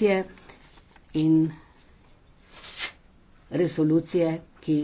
in resolucije, ki